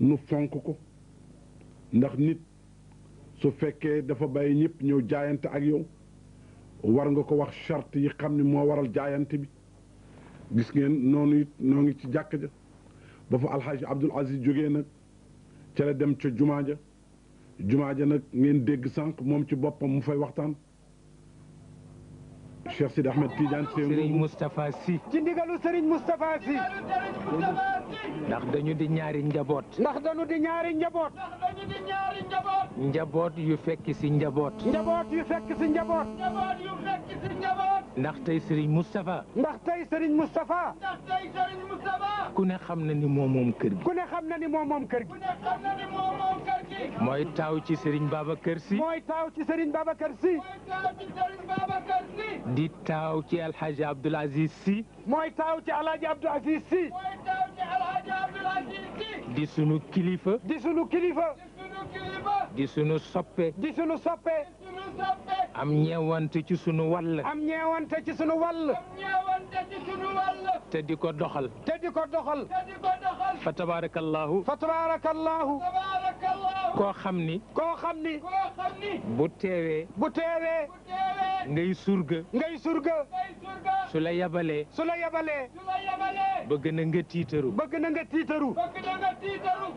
nu fonk ko ndax nit su fekkee dafa bàyyi ñëpp ñëw jaayante ak yow war nga ko wax charte yi xam ne moo waral jaayante bi gis ngeen noonu it noo ngi ci jàkk ja ba fa alxaaji abdul aziz jógee nag ca la dem ca jumaa ja jumaa ja nag ngeen dégg sànq moom ci boppam mu fay waxtaan Cheikh Sidi Ahmed Tidiane Serigne Moustapha Sy ci ndigalu Serigne Moustapha Sy ndax dañu di ñaari njaboot. ndax dañu di ñaari njaboot. ndax dañu di ñaari njaboot. njaboot yu fekk si njaboot. njaboot yu fekk si njaboot. njaboot yu fekk si njaboot. ndax tey Serigne Moustapha. ndax tey Serigne Moustapha. ndax tey Serigne Moustapha. ku ne xam na ni moom moom kër gi. ku ne xam na ni moom moom kër gi. ku ne xam na ni moom moom kër gi. mooy taaw ci Serigne Babacar Sy. mooy taaw ci Serigne Babacar Sy. mooy taaw ci Serigne Babacar Sy. di taaw ci El Hadj Abdoul Aziz Sy. mooy taaw ci El Hadj Abdoul Aziz Sy. di sunu kilifa. di sunu kilifa. di sunu soppe. di sunu soppe. am ñeewante ci sunu wàll. am ñeewante ci sunu wàll. te ko doxal. te di ko doxal. fa tabaarakallaahu. fa tabaarakallaahu. koo xam ni. koo xam ni. bu teewee. bu teewee. ngay surga. ngay surga. su la yabalee. su la yabalee. su la bëgg na nga tiitaru. bëgg na nga tiitaru. bëgg na nga tiitaru.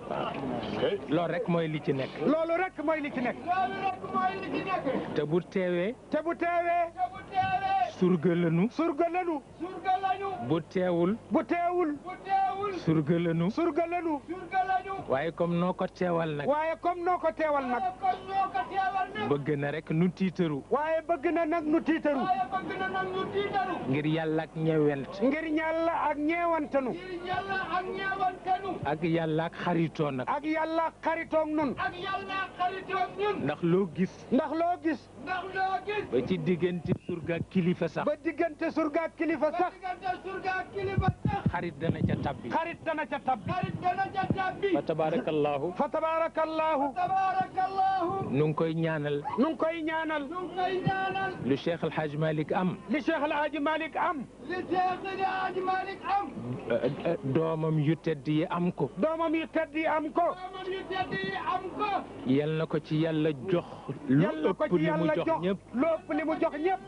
loolu rek mooy li ci nekk. loolu rek mooy li te bu teewee. te bu teewee. te bu teewee. surga bu teewul. bu teewul. surga lanu surga lanu waaye comme noo ko teewal nag waaye comme noo ko teewal nag bëgg na rek nu tiitaru waaye bëgg na nag nu tiitaru ngir yàlla ak ñewent ngir yàlla ak ñeewantanu ak yàlla ak xaritoo nag ak yàlla ak xaritoog nun ndax loo gis ndax loo gis ba ci diggante surga kilifa sax ba diggante surga kilifa sax xarit dana ca tab xarit dana ca tabbi xarit dana ca tabbi fa tabarakallahu fa tabarakallahu tabarakallahu nu ngi koy ñaanal nu ngi koy ñaanal nu ngi koy ñaanal lu Cheikh El Hadj Malick am li Cheikh El Hadj Malick am Eh, eh, eh, doomam yu tedd yi am ko. doomam yu tedd yi am ko. yal na ko ci yàlla jox. lu ëpp li mu jox ñëpp lu ëpp li mu jox ñëpp.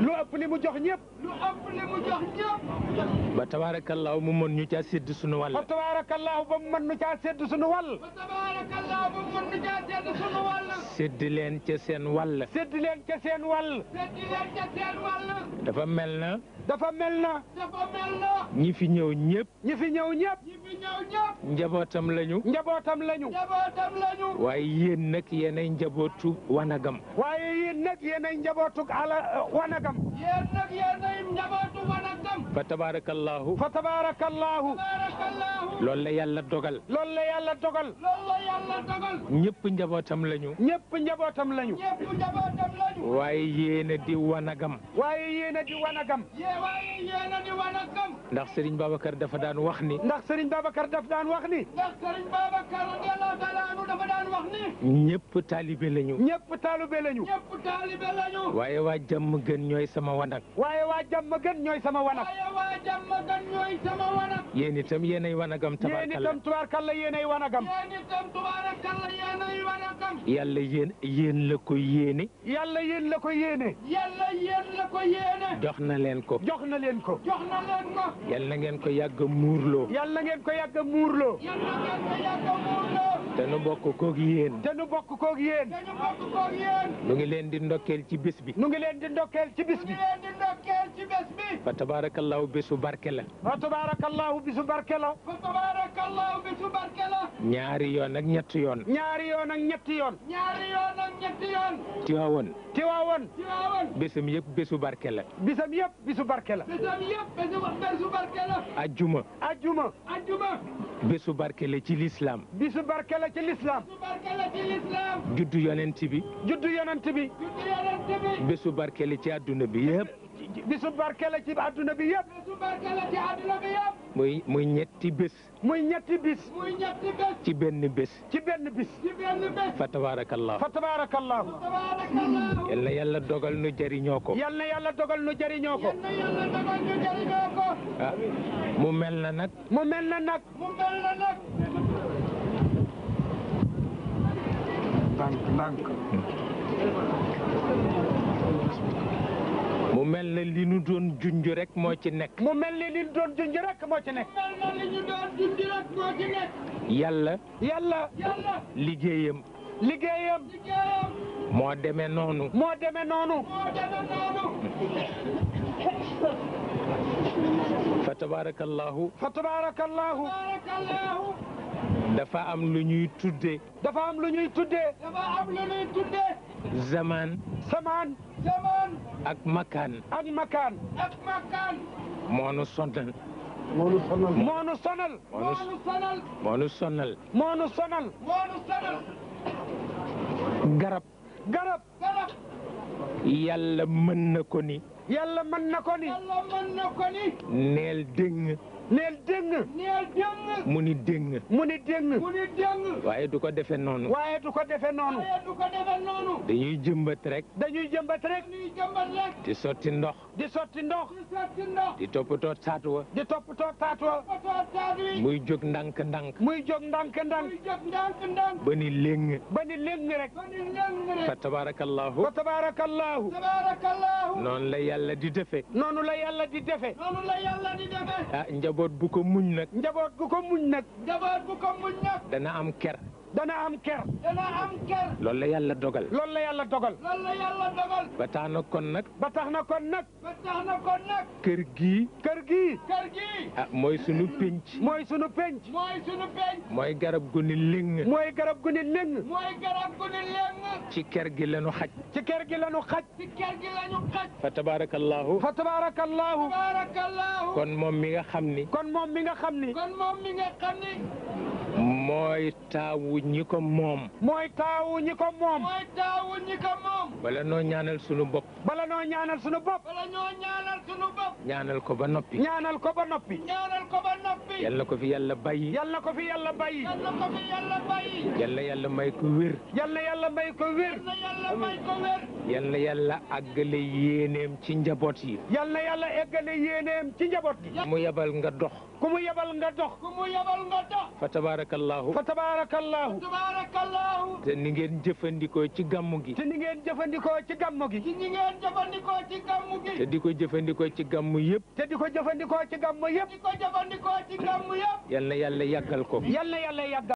lu ëpp li mu jox ñëpp. lu ëpp li mu jox ñëpp. ba mu mën ñu ca sedd sunu wàll. ba tabaarakallaahu ba mu mën ñu caa sédd sunu wàll. ba leen ca seen wàll. sédd leen ca seen wàll. leen ca seen wàll. dafa mel na. dafa mel na. dafa mel na. ñi fi ñëw ñëpp. ñi fi ñëw ñëpp. ñi fi ñëw ñëpp. njabootam lañu. njabootam lañu. njabootam lañu. waaye yéen nag yéenay njabootu wanagam. waaye yéen nag yéenay njabootu ala wanagam. yéen nag yéenay njaboot. fa tabaarakallaahu fa tabaarakallaahu la yàlla dogal loolu la yàlla dogal loolu la yàlla dogal ñëpp njabootam lañu ñëpp njabootam lañu njabootam lañu waaye yéena di wanagam waaye yéena di wanagam waaye yéena ndax Serigne Babacar dafa daan wax ni ndax Serigne Babacar dafa daan wax ni ndax Serigne Babacar radiyallaahu dafa daan wax ni ñëpp taalibe lañu ñëpp taalibe lañu waaye waa jàmm gën ñooy sama wanag waa jàmm gën ñooy sama wanag. waa jàmm gën ñooy sama wanag. yéen itam yéenay wanagam tabaarkalla yéen itam tubaarkalla yéenay wanagam. yéen itam tubaarkalla yéenay wanagam. yàlla yéen yéen la ko yéene. yàlla yéen la ko yéene. yàlla yéen la ko yéene. jox na leen ko. jox na leen ko. jox na leen ko. yàlla ngeen ko yàgg a muurloo. yàlla ngeen ko yàgg a muurloo. yàlla ngeen ko yàgg a muurloo. te nu bokk koog yéen. te nu bokk koog yéen. te nu bokk koog yéen. nu ngi leen di ndokkeel ci bis bi. nu ngi leen di ndokkeel ci bis bi. nu ngi leen di ndokkeel ci bés bi fa tabaarakallaahu bésu barke la fa tabaarakallaahu bésu barke la fa tabaarakallaahu bésu barke la ñaari yoon ak ñetti yoon ñaari yoon ak ñetti yoon ñaari yoon ak ñetti yoon tiwaawoon tiwaawoon tiwaawoon bésam yëpp bésu barke la bésam yëpp bésu barke la bésam yëpp bésu barke la ajjuma ajjuma ajjuma bésu barke la ci lislaam bésu barke la ci lislaam bésu barke la ci lislaam juddu yonent bi juddu yonent bi juddu yonent bi bésu barke la ci àdduna bi yëpp bisu àdduna bi yëpp. bisu ci àdduna bi yëpp. muy ñetti bés. muy ñetti bis. ci benn bés. ci benn bis. fa tabaarakallah. yal na yàlla dogal nu jariñoo ko. yal na yàlla dogal nu jëriñoo ko. Ah, mu mel na nag. mu mel na nag. mu mel na nag. mel na li ñu rek moo ci nekk. mu mel ni li ñu doon junj moo ci nekk. yàlla. yàlla. liggéeyam. liggéeyam. liggéeyam. moo demee noonu. moo demee noonu. fa tabaarakallaahu. dafa am lu ñuy tuddee. dafa am lu ñuy tudde dafa am lu ñuy tuddee. Zaman. Zaman. Zaman. ak Makaan. ak Makaan. ak sonal. moo sonal. moo sonal. garab. garab. garab. yàlla na ko ni. yàlla mën ko ni. neel dégg. neel dégg. mu ni dégg. mu ni dégg. waaye du ko defee noonu. waaye ko defee noonu. dañuy jëmbat rek. dañuy jëmbat rek. di sotti ndox. di sotti ndox. di sotti ndox. di toppatoo taatu wa. di toppatoo taatu wa. muy jóg ndànk ndànk. muy jóg ndànk ndànk. muy ba ni léng. rek. fa tabaarakallaahu. noonu la yàlla di defee. noonu la yàlla di defee. njaboot bu ko muñ nag. njaboot muñ nag. dana am ker. dana am ker. dana la yàlla dogal. loolu la yàlla dogal. loolu ba tax na kon nag. ba tax na kon nag. kër gii. kër gi kër gii. ah mooy sunu penc. mooy sunu penc. mooy mooy garab gu ni mooy garab gu ni mooy garab gu ni ci kër gi lañu xaj. ci kër gi lañu xaj. ci kër gi lañu xaj. fa tabaarakallaahu. fa tabaarakallaahu. kon moom mi nga xam ni. kon moom mi nga xam ni. kon moom mi nga xam ni. mooy taawu ñi ko moom. mooy taawu ñi ko moom. ko moom. bala noo ñaanal sunu bopp. bala noo ñaanal sunu bopp. bala noo ñaanal ko ba noppi. ñaanal ko ba noppi. ñaanal ko ba noppi. yal na ko fi yàlla bàyyi. yal na ko fi yàlla bàyyi. yàlla yàlla may ko wér. yàlla yàlla may ko wér. yàlla may ko wér. yàlla yàlla àggale yéeneem ci njaboot yi. yàlla yàlla àggale yéeneem ci njaboot yi. mu yebal nga dox. ku mu yebal nga dox. ku mu yebal nga dox. fa tabaarakallaahu. fa tabaarakallaahu. tabaarakallaahu. te ni ngeen jëfandikoo ci gàmmu gi. te ni ngeen jëfandikoo ci gàmmu gi. te ni ngeen jëfandikoo ci gàmmu gi. te di ko jëfandikoo ci gàmmu yëpp. te di ko jëfandikoo ci gàmmu yëpp. di ko jëfandikoo ci gàmmu yëpp. yàlla yàlla yàggal ko. yàlla yàlla yàggal.